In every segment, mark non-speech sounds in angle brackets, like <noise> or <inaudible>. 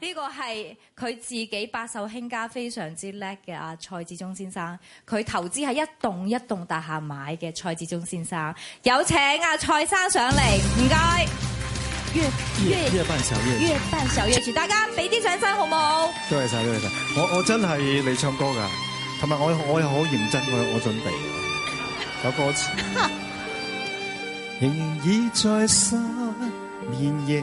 呢個係佢自己白手興家非常之叻嘅阿蔡志忠先生，佢投資喺一棟一棟大廈買嘅。蔡志忠先生有請阿蔡生上嚟，唔該。月月月半小月月半小月，月，月，大家俾啲掌聲好唔好多？多謝晒，多謝晒。我我真係嚟唱歌㗎，同埋我我好認真，我我準備有歌詞。仍然 <laughs> 倚在失眠夜。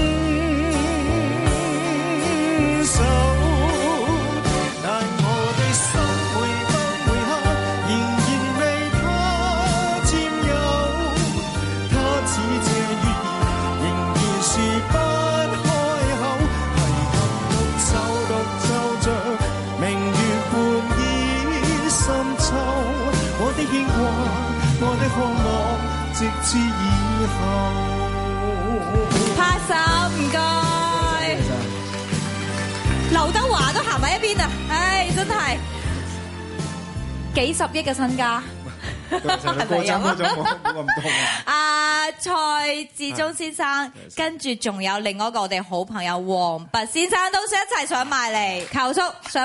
深秋，我的牽掛，我的，渴望，直至以後。拍手唔該，劉德華都行埋一邊啊！唉，真係幾十億嘅身家，係咪啊？阿蔡志忠先生，明白 跟住仲有另外一個我哋好朋友黃拔先生都想一齊上埋嚟，求叔